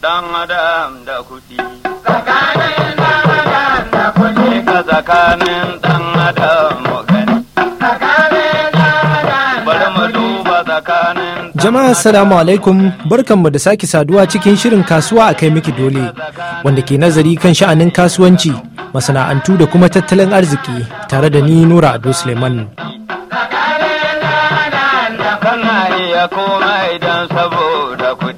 Dan adam da kuɗi. Tsakanin dan adam da kuɗi. Ka tsakanin dan adam Jama'a salamu alaikum barkanmu da sake saduwa cikin shirin kasuwa a kai miki dole wanda ke nazari kan sha'anin kasuwanci masana'antu da kuma tattalin arziki tare da ni Nura Ado Suleiman. Kana iya komai don saboda ku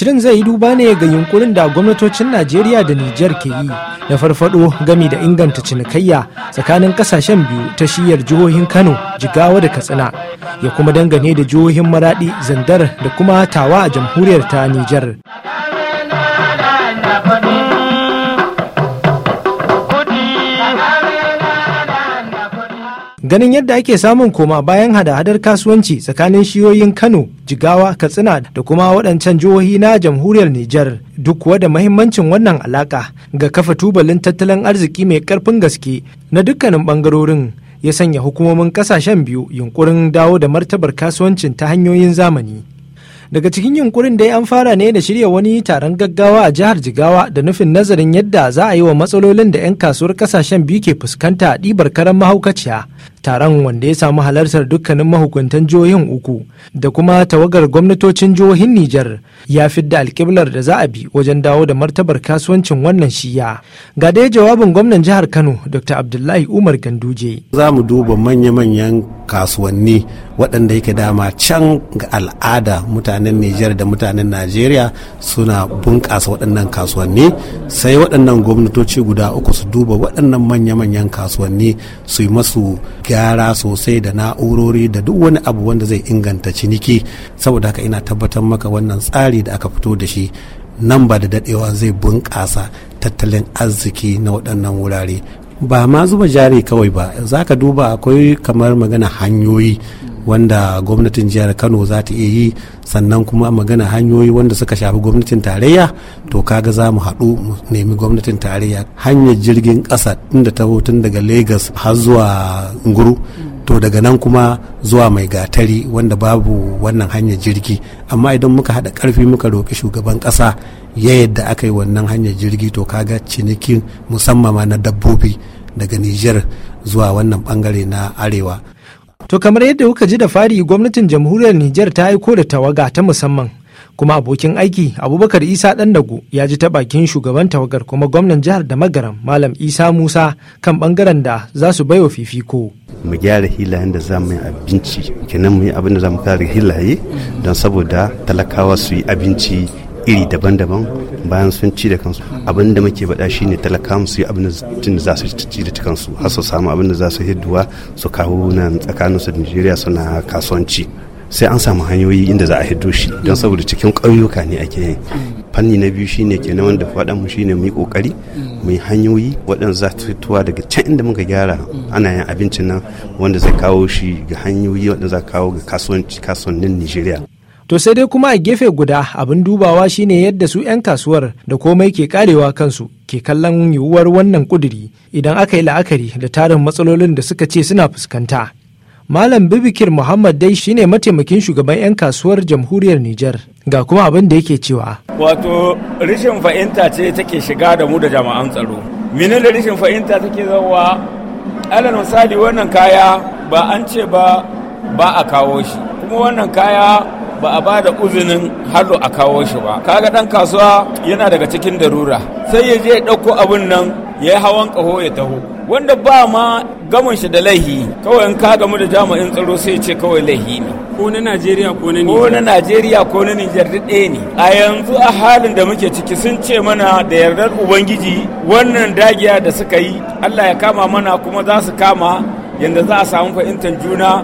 Shirin zai yi duba ne ga yunkurin da gwamnatocin Najeriya da Nijar ke yi na farfado gami da inganta cinikayya tsakanin kasashen biyu ta shiyar jihohin Kano, Jigawa da Katsina, ya kuma dangane da jihohin Maradi, Zandar da kuma Tawa a jamhuriyar ta Nijar. ganin yadda ake samun koma bayan hada-hadar kasuwanci tsakanin shiyoyin kano jigawa katsina da kuma waɗancan jihohi na jamhuriyar nijar duk kuwa da mahimmancin wannan alaƙa ga kafa tubalin tattalin arziki mai ƙarfin gaske na dukkanin ɓangarorin ya sanya hukumomin ƙasashen biyu yunkurin dawo da martabar kasuwancin ta hanyoyin zamani daga cikin yunkurin dai an fara ne da shirya wani taron gaggawa a jihar jigawa da nufin nazarin yadda za a yi wa matsalolin da 'yan kasuwar kasashen biyu ke fuskanta ɗibar karan mahaukaciya taron wanda ya samu halartar dukkanin mahukuntan jihohin uku da kuma tawagar gwamnatocin jihohin Nijar ya fidda alkiblar da za a bi wajen dawo da martabar kasuwancin wannan shiya. Ga dai jawabin gwamnan jihar Kano Dr. Abdullahi Umar Ganduje. Za mu duba manya-manyan kasuwanni waɗanda yake dama can ga al'ada mutanen Nijar da mutanen Najeriya suna bunƙasa waɗannan kasuwanni sai waɗannan gwamnatoci guda uku su duba waɗannan manya-manyan kasuwanni su yi masu gyara sosai da na'urori da duk wani abu wanda zai inganta ciniki saboda haka ina tabbatar maka wannan tsari da aka fito da shi nan ba da daɗewa zai bunƙasa tattalin arziki na waɗannan wurare ba ma zuba jari kawai ba za ka duba akwai kamar magana hanyoyi wanda gwamnatin jihar kano za ta iya yi sannan kuma magana hanyoyi wanda suka shafi gwamnatin tarayya to kaga za mu haɗu mu nemi gwamnatin tarayya hanyar jirgin ƙasa inda ta tun daga lagos har zuwa nguru to daga nan kuma zuwa mai gatari wanda babu wannan hanyar jirgi amma idan muka haɗa ƙarfi muka roƙi shugaban ƙasa ya yadda aka yi wannan hanyar jirgi to kaga cinikin musamman na dabbobi daga Nijar zuwa wannan bangare na arewa. To kamar yadda kuka ji da fari gwamnatin jamhuriyar niger ta aiko da tawaga ta musamman kuma abokin aiki abubakar isa dago ya ji ta bakin shugaban tawagar kuma gwamnan jihar da magaram malam isa musa kan ɓangaren da za su baiwa fifiko mu gyara hilayen da za mu yi abinci kenan mu yi abin da za mu kare hilaye don saboda talakawa su yi abinci iri daban-daban bayan sun ci da kansu abin da muke baɗa shine talakawa su yi abin da za su ci da kansu har su samu abin da za su hidduwa su kawo tsakanin tsakaninsu da nigeria suna kasuwanci sai an samu hanyoyi inda za a hiddo shi don mm. saboda cikin ƙauyuka ne ake yin mm. fanni na biyu shine kenan wanda faɗa mu shine mu yi ƙoƙari mm. mu yi hanyoyi waɗanda za su fitowa daga can inda muka gyara ana yin abincin nan wanda zai kawo shi ga hanyoyi waɗanda za kawo ga kasuwanci kasuwannin Nigeria To sai dai kuma a gefe guda abin dubawa shine yadda su 'yan kasuwar da komai ke karewa kansu ke kallon yiwuwar wannan kuduri idan aka yi la'akari da tarin matsalolin da suka ce suna fuskanta. Malam Bibikir Muhammad dai shine mataimakin shugaban 'yan kasuwar jamhuriyar Nijar ga kuma abin da yake cewa. Wato rishin fahimta ce take shiga da mu da jama'an tsaro. Mini da rishin fahimta take zawa alal misali wannan kaya ba an ce ba ba a kawo shi kuma wannan kaya ba a ba da uzinin hallo a kawo shi ba kaga ɗan kasuwa yana daga cikin darura sai ya je ya ɗauko abun nan ya yi hawan ƙaho ya taho wanda ba ma gamin shi da laihi kawai in ka gamu da jami'in tsaro sai ce kawai laihi ne ko na Najeriya ko na Nijar ko na Najeriya ko na Nijar ɗaya ne a yanzu a halin da muke ciki sun ce mana da yardar ubangiji wannan dagiya da suka yi Allah ya kama mana kuma za su kama Yadda za a samu fahimtar juna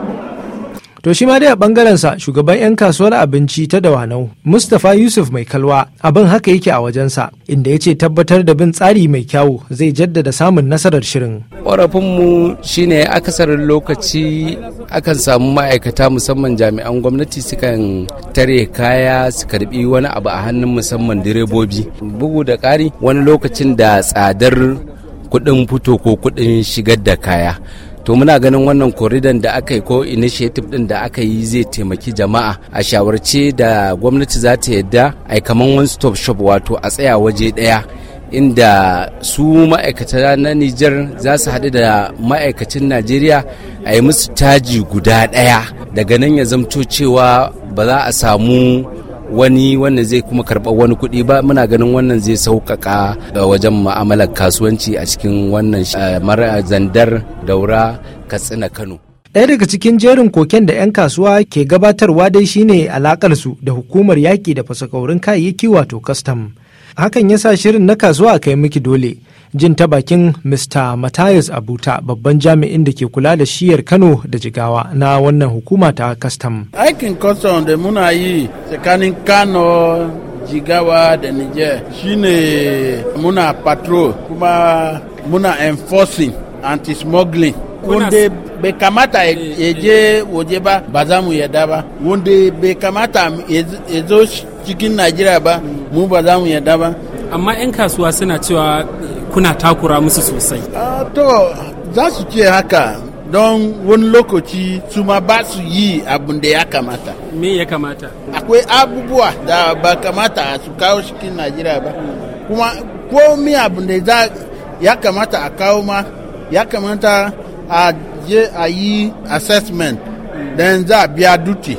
To shi ma dai a bangarensa shugaban 'yan kasuwar abinci ta Dawanau, Mustapha Yusuf mai kalwa abin haka yake a wajensa inda ya ce tabbatar da bin tsari mai kyawu zai jaddada samun nasarar shirin. Ƙorafinmu shine akasarin lokaci akan samu ma'aikata musamman jami'an gwamnati sukan tare kaya su karbi wani abu a hannun musamman direbobi. Bugu da ƙari wani lokacin da tsadar kuɗin fito ko kuɗin shigar da kaya. to muna ganin wannan koridan da aka yi ko initiative din da aka yi zai taimaki jama'a a shawarce da gwamnati za ta yadda ai kaman one stop shop wato a tsaya waje daya inda su ma'aikata na Nijar za su haɗu da ma'aikacin Najeriya a yi musu taji guda ɗaya daga nan ya zamto cewa ba za a samu wani wannan zai kuma karɓar wani kuɗi ba muna ganin wannan zai sauƙaƙa uh, wajen ma'amalar kasuwanci a cikin wannan uh, Mara uh, zandar daura katsina kano ɗaya daga cikin jerin koken da 'yan kasuwa ke gabatarwa dai shine alakar su da hukumar yaƙi da fasakaurin kayayyaki wato kastam hakan yasa shirin na kasuwa a kai miki dole jin ta bakin Mr. Matthias Abuta babban jami'in da ke kula da shiyar Kano da Jigawa na wannan hukuma ta kastam. Aikin kastam da muna yi tsakanin Kano Jigawa da Niger shine muna patrol kuma muna enforcing anti-smuggling. Wanda bai kamata ya e-, je waje ba ba za mu yada ba. Wanda bai kamata ya zo cikin Najeriya ba mu ba za mu yada ba. Amma 'yan kasuwa suna cewa kuna takura musu sosai ah, to za su ce haka don wani lokaci su ma ba su yi abin da ya kamata me ya kamata akwai abubuwa da ba kamata su kawo cikin najeriya ba kuma ko mi abin da ya kamata a kawo ma ya kamata a je a yi assessment don za a biya duty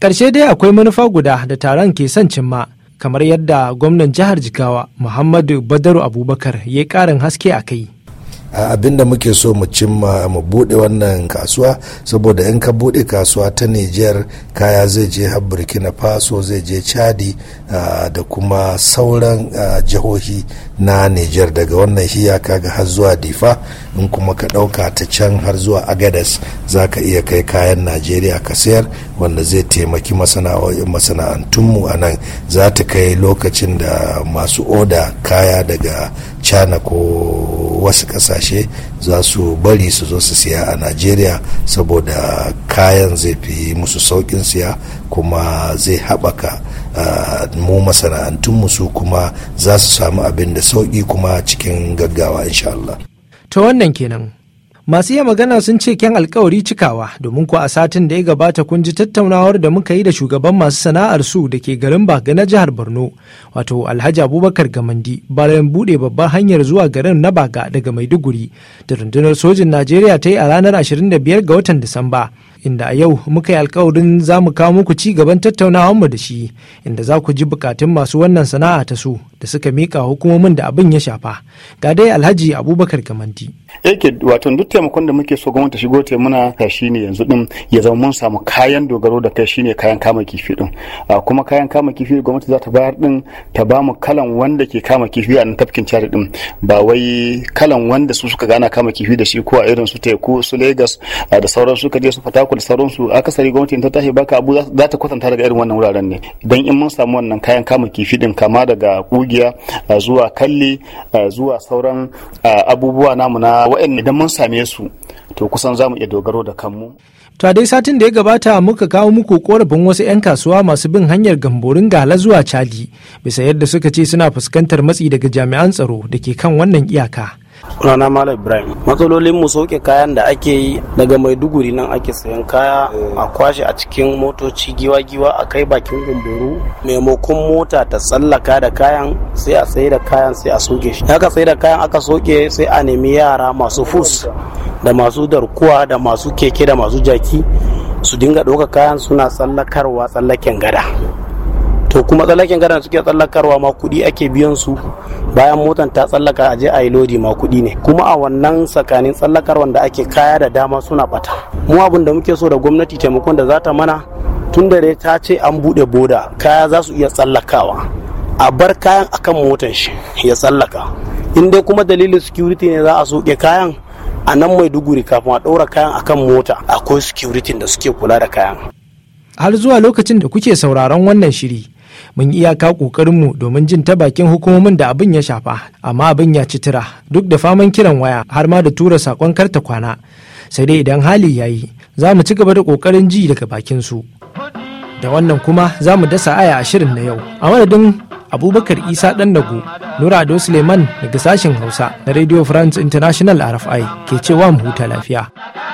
karshe dai akwai manufa guda da taron ke son cimma kamar yadda gwamnan jihar jigawa muhammadu badaru abubakar ya ƙarin haske a kai abinda muke so mu cimma mu bude wannan kasuwa saboda in ka bude kasuwa ta niger kaya zai je har burkina faso zai je chadi da kuma sauran jihohi na niger daga wannan hiya kaga har zuwa difa in kuma ka ɗauka ta can har zuwa agadas za ka iya kai kayan najeriya ka sayar wanda zai taimaki masana'antunmu a nan za ta kai lokacin da masu oda kaya daga china ko wasu kasashe za su bari su zo su siya a najeriya saboda kayan zai fi musu saukin siya kuma zai haɓaka ah, mu masana'antunmu su kuma za su samu abin da sauƙi kuma cikin gaggawa insha Allah. ta wannan kenan Masu iya magana sun ce kyan alkawari cikawa domin kuwa a satin da ya gabata kun ji tattaunawar da muka yi da shugaban masu sana'ar su da ke garin Baga na jihar Borno, wato Alhaji Abubakar Gamandi bayan buɗe babbar hanyar zuwa garin na Baga daga Maiduguri da rundunar sojin Najeriya ta yi a ranar 25 ga watan Disamba. inda a yau muka yi alkawarin za mu kawo muku ci gaban tattaunawanmu da shi inda za ku ji bukatun masu wannan sana'a ta su da suka mika hukumomin da abin ya shafa ga dai alhaji abubakar kamanti yake wato duk taimakon da muke so gwamnati shigo ta muna ta shine yanzu din ya zama mun samu kayan dogaro da kai shine kayan kama kifi din kuma kayan kama kifi gwamnati za ta bayar din ta ba mu kalan wanda ke kama kifi a nan tafkin cari din ba wai kalan wanda su suka gana kama kifi da shi ko a irin su teku su lagos da sauran ka je su fata da sauransu akasari gwamnati ta tashi baka abu za ta kwatanta daga irin wannan wuraren ne idan in mun samu wannan kayan kama kifi din kama daga kugiya zuwa kalli zuwa sauran abubuwa namu na wa'in idan mun same su to kusan za mu iya dogaro da kanmu. To dai satin da ya gabata muka kawo muku korafin wasu 'yan kasuwa masu bin hanyar gamborin gala zuwa Chadi bisa yadda suka ce suna fuskantar matsi daga jami'an tsaro da ke kan wannan iyaka. Sunana Malam Ibrahim. Matsalolin mu soke kayan da ake yi daga Maiduguri nan ake sayan kaya a kwashe a cikin motoci giwa-giwa a kai bakin gumburu maimakon mota ta tsallaka da kayan sai a sai da kayan sai a soke shi. aka sai da kayan aka soke sai a nemi yara masu fus da masu darkuwa da masu keke da masu jaki su dinga ɗauka kayan suna tsallakarwa tsallaken gada. to kuma tsallaken gadan suke tsallakarwa ma kuɗi ake biyan su bayan motan ta tsallaka aje a yi lodi ma kuɗi ne kuma a wannan tsakanin tsallakarwan da ake kaya da dama suna bata mu abin da muke so da gwamnati taimakon da za ta mana tun da ta ce an bude boda kaya za su iya tsallakawa a bar kayan akan motan shi ya tsallaka in dai kuma dalilin security ne za a soke kayan a nan mai duguri kafin a ɗora kayan akan mota akwai security da suke kula da kayan har zuwa lokacin da kuke sauraron wannan shiri mun yi iyaka ƙoƙarinmu domin jin ta bakin hukumomin da abin ya shafa amma abin ya ci tira duk da faman kiran waya har ma da tura saƙon karta kwana sai dai idan hali ya yi za mu ci gaba da ƙoƙarin ji daga bakin su da wannan kuma za mu dasa aya a shirin na yau a madadin abubakar isa dago nura ado suleiman daga sashen hausa na radio france international rfi ke cewa mu huta lafiya